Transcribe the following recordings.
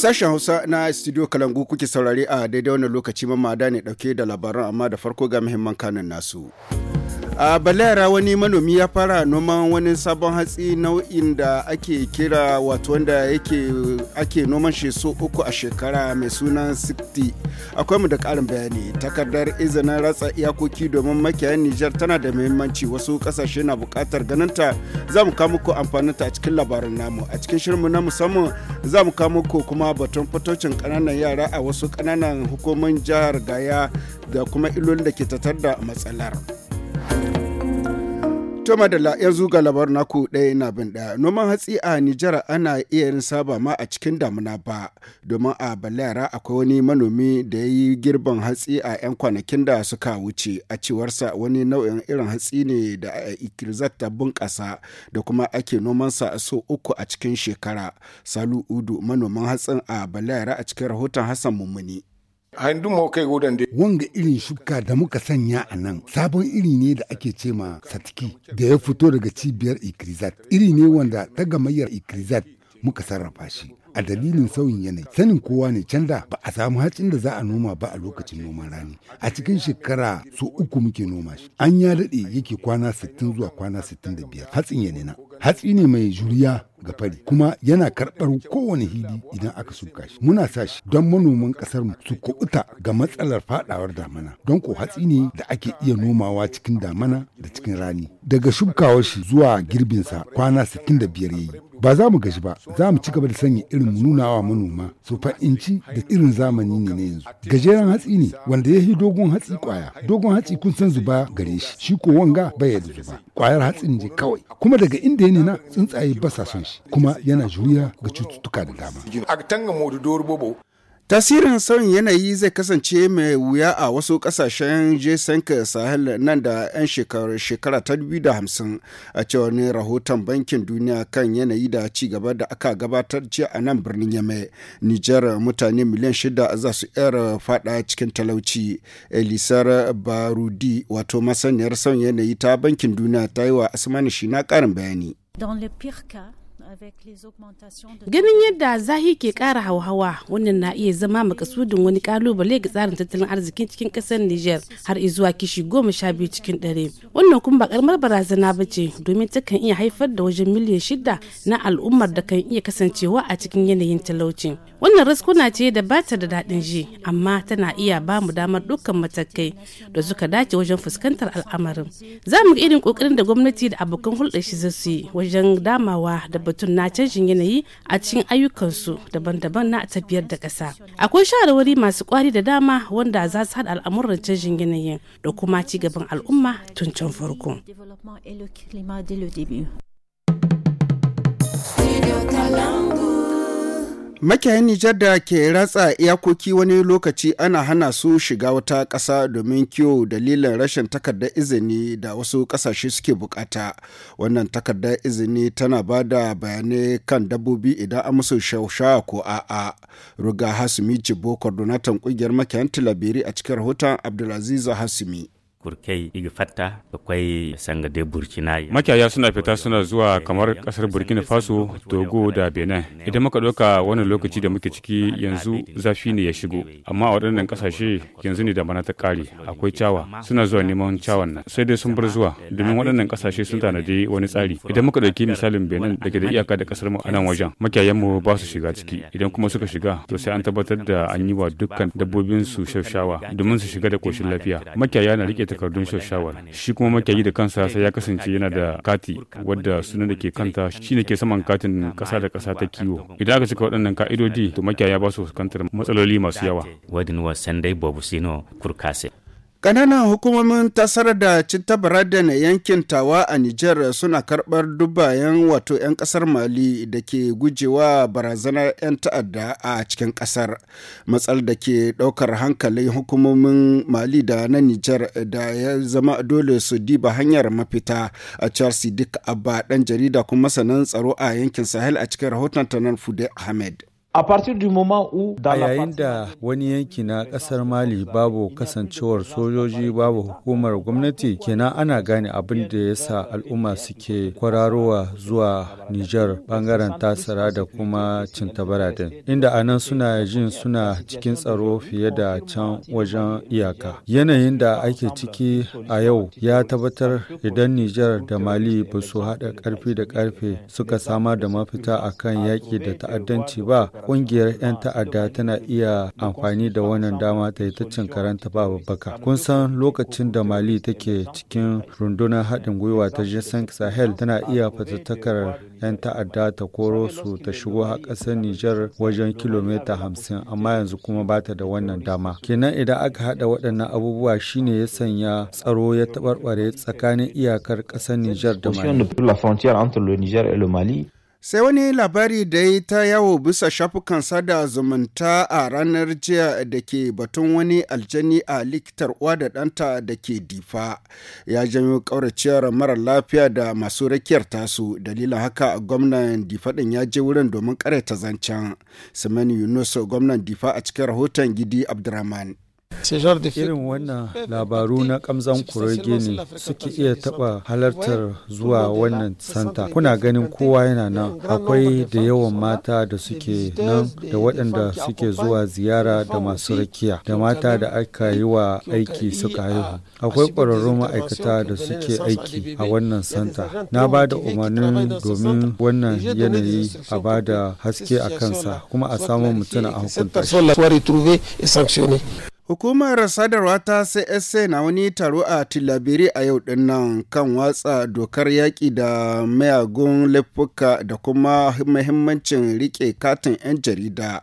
Sashen Hausa na Studio Kalangu kuke saurari a daidai wannan lokaci da ne dauke da labaran amma da farko ga muhimman kanan nasu. a yara wani manomi ya fara noman wani sabon hatsi nau'in da ake kira wato wanda ake noman shi so uku a shekara mai suna 60 akwai mu da karin bayani takardar izinin ratsa iyakoki domin makiyayin nijar tana da muhimmanci wasu kasashe na bukatar ganinta za mu kawo muku ta a cikin labarin namu a cikin shirinmu na musamman za mu kawo muku kuma batun fitocin kananan yara a wasu kananan hukumomin jihar gaya da kuma ilolin da ke tattar da matsalar. To madalla yanzu ga labar na ku ɗaya na bin ɗaya. Noman hatsi a Nijar ana iya yin saba ma a cikin damuna ba. Domin a Balayara akwai wani manomi da ya yi girbin hatsi a 'yan kwanakin da suka wuce. A cewarsa wani nau'in irin hatsi ne da Ikirzat ta bunƙasa da kuma ake nomansa so uku a cikin shekara. Salu Udu manoman hatsin a Balayara a cikin rahoton Hassan Mummuni. handu kai godan de wanga irin shuka da muka sanya a nan sabon iri ne da ake ce ma satiki da ya fito daga cibiyar ikrizat iri ne wanda ta gamayyar ikrizat muka sarrafa shi a dalilin sauyin yanayi sanin kowa ne canza ba a samu hatsin da za a noma ba a lokacin noman rani a cikin shekara su uku muke noma shi an ya daɗe yake kwana 60 zuwa kwana 65 hatsin ya na hatsi ne mai juriya ga fari kuma yana karɓar kowane hili idan aka shuka shi muna sa shi don manoman ƙasar mu su kubuta ga matsalar faɗawar damana don ko hatsi ne da ake iya nomawa cikin damana da cikin rani daga shukawar shi zuwa girbinsa kwana 65 yayi ba za mu gaji ba za mu ci gaba da sanya irin nunawa manoma su fa'inci da irin zamani ne na yanzu gajeren hatsi ne wanda ya yi dogon hatsi kwaya dogon hatsi kun san zuba gare shi shi ko wanga baya da zuba kwayar hatsin je kawai kuma daga inda ya nuna tsuntsaye ba sa son shi kuma yana juriya ga cututtuka da dama Tasirin sauyin yanayi zai kasance mai wuya a wasu kasashen g Sahel nan da 'yan shekara ta 2050 a cewar ne rahoton Bankin Duniya kan yanayi da cigaba da aka gabatar jiya a nan birnin Yame. Nijar mutane miliyan shida za su yar fada cikin talauci. Elisar Barudi wato masaniyar sauyin yanayi ta Bankin Duniya ta yi wa Asmani Shina karin bayani. Ganin yadda zahi ke ƙara hauhawa wannan na iya zama makasudin wani kalubale ga tsarin tattalin arzikin cikin kasar niger har zuwa kishi goma sha biyu cikin dare Wannan kuma ba karamar barazana ba ce domin ta kan iya haifar da wajen miliyan shida na al'ummar da kan iya kasancewa a cikin yanayin talauci. Wannan raskuna ce da ba ta da daɗin ji amma tana iya ba mu damar dukkan matakai da suka dace wajen fuskantar al'amarin. Za mu irin ƙoƙarin da gwamnati da abokan hulɗar shi zasu yi wajen damawa da batu na canjin yanayi a cikin ayyukansu daban-daban na tafiyar da ƙasa. Akwai shawarwari masu kwari da dama wanda za su haɗa al'amuran canjin yanayin da kuma ci gaban al'umma tun can farko. Studio Talent. Makiyayin Nijar da ke ratsa iyakoki wani lokaci ana hana su shiga wata ƙasa domin kiwo dalilin rashin takardar izini da wasu ƙasashe suke bukata. Wannan takardar izini tana ba da bayanai kan dabbobi idan an musu shausha ko a'a. Ruga Hasumi Jibo, coordinator ƙungiyar makiyayin Tilabiri a cikin rahoton Abdulaziz Hasumi. kurkai kwai sanga burkina makiyaya suna fita suna zuwa kamar kasar burkina faso togo da benin idan muka ɗauka wannan lokaci da muke ciki yanzu zafi ne ya shigo amma a waɗannan ƙasashe yanzu ne da bana ta ƙari akwai cawa suna zuwa neman cawan nan sai dai sun bar zuwa domin waɗannan ƙasashe sun tanadi wani tsari idan muka ɗauki misalin benin da ke da iyaka da kasar mu a nan wajen makiyayan mu ba su shiga ciki idan kuma suka shiga to sai an tabbatar da an yi wa dukkan dabbobin su shaushawa domin su shiga da koshin lafiya makiyaya na rike takardun shawar shi kuma makiyayi da kansa sai ya kasance yana da kati wadda sunan da ke kanta shi ne ke saman katin kasa da kasa ta kiwo idan aka cika waɗannan ka'idodi to makiyaya ba su fuskantar matsaloli masu yawa wadin wasan dai babu sino kurkase Ƙananan hukumomin tasar da cinta baradan yankin tawa a Nijar suna karbar dubayen wato 'yan kasar Mali da ke gujewa barazanar 'yan ta'adda a cikin kasar Matsal da ke daukar hankalin hukumomin Mali da na Nijar da ya zama dole su diba hanyar mafita a Charles Dick Abba ɗan jarida kuma sanan tsaro a yankin Sahel a cikin rahoton Tanar Fude Ahmed. A partir du moment où la yayin da wani yanki na kasar Mali babu kasancewar sojoji babu hukumar gwamnati kenan ana gane abin da ya sa al'umma suke kwararowa zuwa Nijar bangaren tasara da kuma tabaradin inda anan suna jin suna cikin tsaro fiye da can wajen iyaka. Yanayin da ake ciki a yau ya tabbatar idan Nijar da Mali ba su haɗa ƙarfi da karfe suka samar da mafita akan yaƙi da ta'addanci ba kungiyar 'yan ta'adda tana iya amfani da wannan dama ta yi ta karanta ba babbaka. Kun san lokacin da Mali take cikin rundunar haɗin gwiwa ta Jason Sahel tana iya fatattakar 'yan ta'adda ta koro su ta shigo a ƙasar Nijar wajen kilomita hamsin amma yanzu kuma ba ta da wannan dama. Kenan idan aka haɗa waɗannan abubuwa shine ya sanya tsaro ya taɓarɓare tsakanin iyakar ƙasar Nijar da Mali. sai wani labari da ya ta yawo bisa shafukan sada zumunta a ranar jiya da ke batun wani aljani a likitar uwa da danta da ke difa ya janyo ƙauraciyar mara lafiya da masu rakiyar tasu dalilin haka gwamnan difa din ya je wurin domin ta zancen simon yunus gwamnan difa a cikin rahoton gidi abdurrahman Irin wannan labaru na kamzan kurege ne suke iya taɓa halartar zuwa wannan santa. Kuna ganin kowa yana nan. Akwai da yawan mata da suke nan da waɗanda suke zuwa ziyara da masu rakiya da mata da aka yi wa aiki suka haihu. Akwai ƙwararrun ma'aikata da suke aiki a wannan santa. Na ba da umarnin domin wannan yanayi a ba da haske a kansa kuma a samun mutum a hukunta. Hukumar sadarwa ta CSA na wani taro a Tilabiri a yau din nan kan watsa dokar yaƙi da mayagun laifuka da kuma mahimmancin riƙe katin 'yan jarida.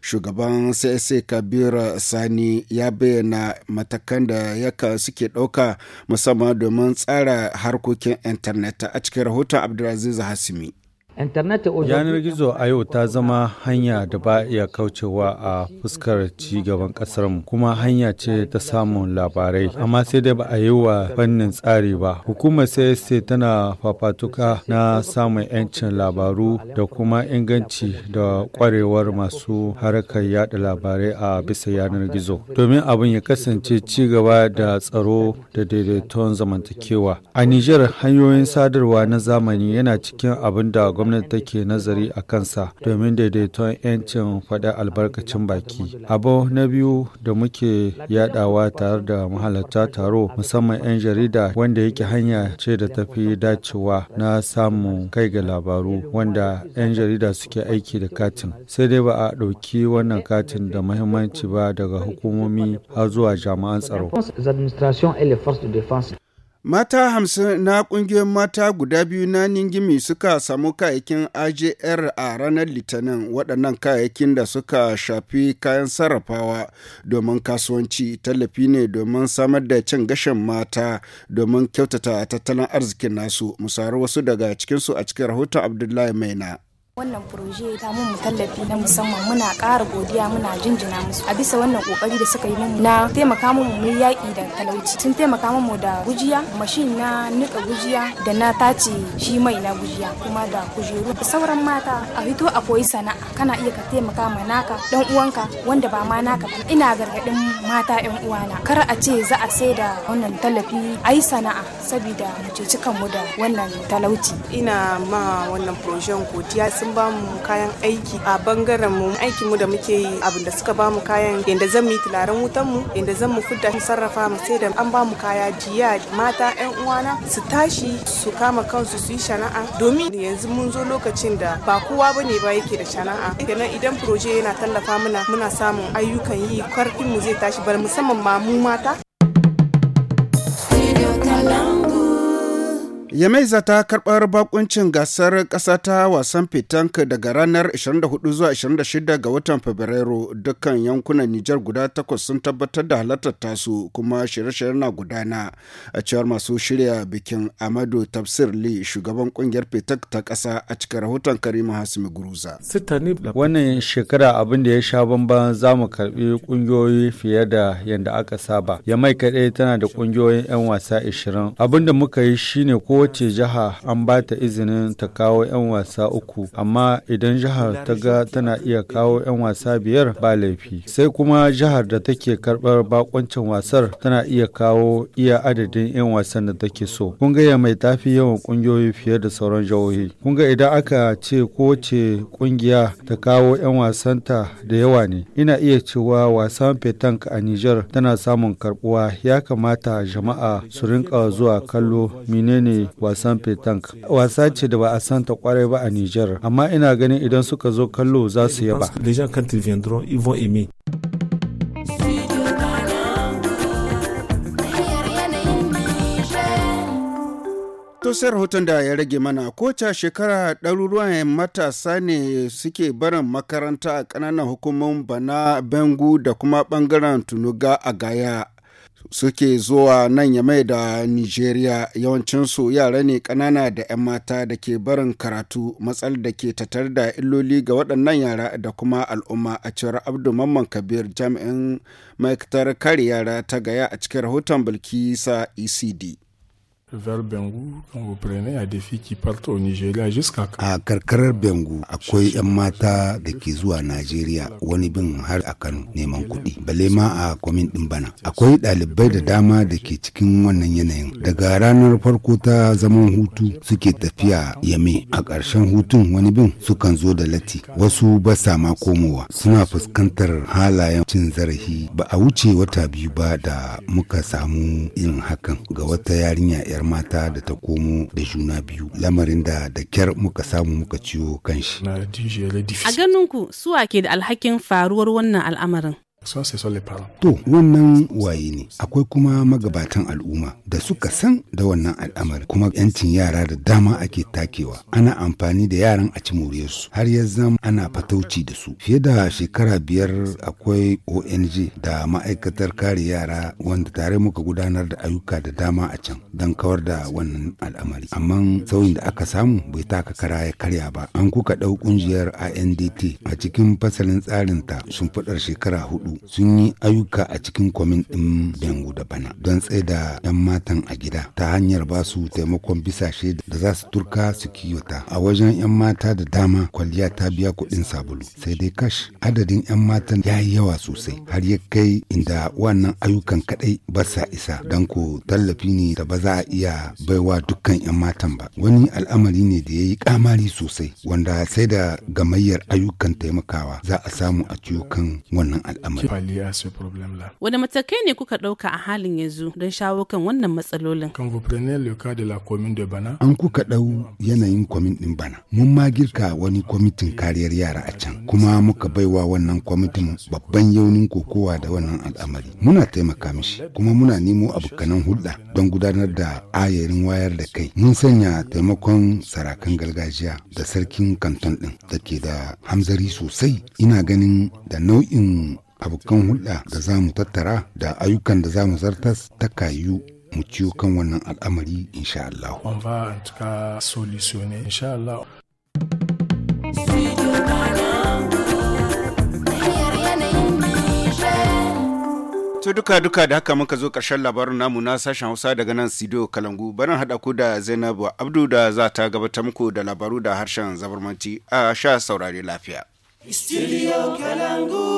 Shugaban CSA Kabir Sani ya bayyana matakan da yaka suke ɗauka musamman domin tsara harkokin intanet a cikin rahoton Abdulaziz Hasimi. Yanar gizo a yau ta zama hanya da ba iya kaucewa a fuskar ci gaban mu kuma hanya ce ta samun labarai. Amma sai dai ba a yi wa fannin tsari ba. Hukumar CSC tana fafatuka na samun 'yancin labaru da kuma inganci da kwarewar masu harkar yada labarai a bisa yanar gizo. Domin abin ya kasance ci gaba da tsaro da daidaiton zamantakewa. A Nijar hanyoyin sadarwa na zamani yana cikin abin da gwamnati take nazari a kansa domin daidaiton 'yancin faɗa albarkacin baki. Abu na biyu da muke yadawa tare da mahalarta taro musamman 'yan jarida wanda yake hanya ce da tafi dacewa na samun kai ga labaru wanda 'yan jarida suke aiki da katin. Sai dai ba a ɗauki wannan katin da muhimmanci ba daga hukumomi har zuwa jami'an tsaro. Mata hamsin na ƙungiyoyin mata guda biyu na Ningimi suka samu kayayyakin AJR a ranar Litinin waɗannan kayayyakin da suka shafi kayan sarrafawa domin kasuwanci tallafi ne domin samar da cin gashin mata domin kyautata tattalin arzikin nasu musaru wasu daga cikinsu a cikin rahoton Abdullahi Maina. Wannan proje ta mu tallafi na musamman muna ƙara godiya muna jinjina musu a bisa wannan kokari da suka yi mu na taimaka mun mu yaƙi da talauci tun taimaka mu da gujiya mashin na nika gujiya da na tace shi mai na gujiya kuma da kujeru sauran mata a fito a koyi sana'a kana iya ka taimaka ma naka dan uwanka wanda ba ma naka ba ina gargaɗin mata yan uwana kar a ce za a sai da wannan tallafi a yi sana'a saboda mu ceci kanmu da wannan talauci ina ma wannan projen godiya sun ba mu kayan aiki a bangaren mu aikin mu da muke yi abin da suka ba mu kayan yanda zan mu yi tularen wutan mu yanda zan mu fudda mu sarrafa mu sai da an ba mu kaya jiya mata yan uwana su tashi su kama kansu su yi shana'a domin yanzu mun zo lokacin da ba kowa bane ba yake da shana'a kenan idan proje yana tallafa mana muna samun ayyukan yi karfin mu zai tashi bar musamman ma mu mata Yamaiza ta karɓar bakuncin gasar ƙasa ta wasan fitank daga ranar 24 zuwa 26 ga watan Fabrairu dukkan yankunan Nijar guda takwas sun tabbatar da halartar tasu kuma shirye-shirye na gudana a cewar masu shirya bikin Amadu Tafsir Li shugaban kungiyar fitank ta kasa a cikin rahoton Karima Hasimi Guruza. Wannan shekara abin da ya sha bamban za mu karbi kungiyoyi fiye da yadda aka saba. Yamai kaɗai tana da ƙungiyoyin 'yan wasa 20. Abin da muka yi shine ko kowace jiha an ba ta izinin ta kawo 'yan wasa uku, amma idan jihar ta ga tana iya kawo 'yan wasa biyar ba laifi. Sai kuma jihar da take karɓar bakoncin wasar tana iya kawo iya adadin 'yan wasan da take so. Kun ga mai tafi yawan kungiyoyi fiye da sauran jihohi. Kun ga idan aka ce kowace kungiya ta kawo 'yan wasanta da yawa ne. Ina iya cewa wasan petank a niger tana samun karbuwa? ya kamata jama'a su rinka zuwa kallo menene wasan petank wasa ce da ba a santa kwarai ba a Nijar amma ina ganin idan suka zo kallo za su yaba. To rahoton da ya rage mana kowace shekara ɗaruruwan matasa ne suke barin makaranta a ƙananan hukumar bana bengu da kuma ɓangaren tunuga a gaya suke zuwa nan ya mai da nigeria yawancinsu yara ne ƙanana da 'yan mata da ke barin karatu matsal da ke tatar da illoli ga waɗannan yara da kuma al'umma a cewar abdu mamman kabir jami'in maikatar kare yara ta gaya a cikin rahoton bilkisa ecd vers Bengu, quand vous prenez, il y a des filles qui partent au Nigeria jusqu'à... karkarar Bengu akwai 'yan mata da ke zuwa Najeriya wani bin har a Kano neman kuɗi, bale ma a kwamin ɗin bana. Akwai ɗalibai da dama da ke cikin wannan yanayin. Daga ranar farko ta zaman hutu suke tafiya Yame, a ƙarshen hutun wani bin sukan zo da lati. Wasu ba sa ma komowa, suna fuskantar halayen cin zarahi. Ba a wuce wata biyu ba da muka samu yin hakan ga wata yarinya 'yar mata da ta komo da juna biyu lamarin da da kyar muka samu muka ciwo kanshi. A ganinku suwa ke da alhakin faruwar wannan al'amarin? To wannan waye ne akwai kuma magabatan al'umma da suka san da wannan al'amari kuma yancin yara da dama ake takewa ana amfani da yaran a ci su har ya zama ana fatauci da su fiye da shekara biyar akwai ONG da ma'aikatar kare yara wanda tare muka gudanar da ayyuka da dama a can don kawar da wannan al'amari amma sauyin da aka samu bai taka kara ya karya ba an kuka ɗau kungiyar INDT a cikin fasalin tsarin ta shimfiɗar shekara hudu sun yi ayyuka a cikin kwamin ɗin dangu da Bana don tsaye da 'yan matan a gida ta hanyar ba su taimakon bisashe da za su turka su kiyota. A wajen 'yan mata da dama kwalliya ta biya kuɗin sabulu. Sai dai kash adadin 'yan matan ya yi yawa sosai har ya kai inda wannan ayyukan kaɗai ba sa isa don ko tallafi ne da ba za a iya baiwa dukkan 'yan matan ba. Wani al'amari ne da ya yi kamari sosai wanda sai da gamayyar ayyukan taimakawa za a samu a ciyo kan wannan al'amari. qui a su problem la. Wani matakai ne kuka ɗauka a halin yanzu don shawo kan wannan matsalolin? Kan vous prenez cas de la commune de Bana. An kuka ɗau yanayin kwamin ɗin Bana. Mun ma girka wani kwamitin kariyar yara a can kuma muka baiwa wannan kwamitin babban yaunin kokowa da wannan al'amari. Muna taimaka mishi kuma muna nemo abokanan hulɗa don gudanar da ayarin wayar da kai. Mun sanya taimakon sarakan gargajiya da sarkin kanton ɗin da ke da hamzari sosai ina ganin da nau'in abokan hulɗa da za mu tattara da ayyukan da za mu zartas ta kayu mu ciyo kan wannan al'amari insha Allah. To duka duka da haka muka zo karshen labarin namu na sashen Hausa daga nan Sido Kalangu. Barin haɗa ku da Zainabu Abdu da za ta gabatar muku da labaru da harshen zabarmanci a sha saurari lafiya. Studio Kalangu.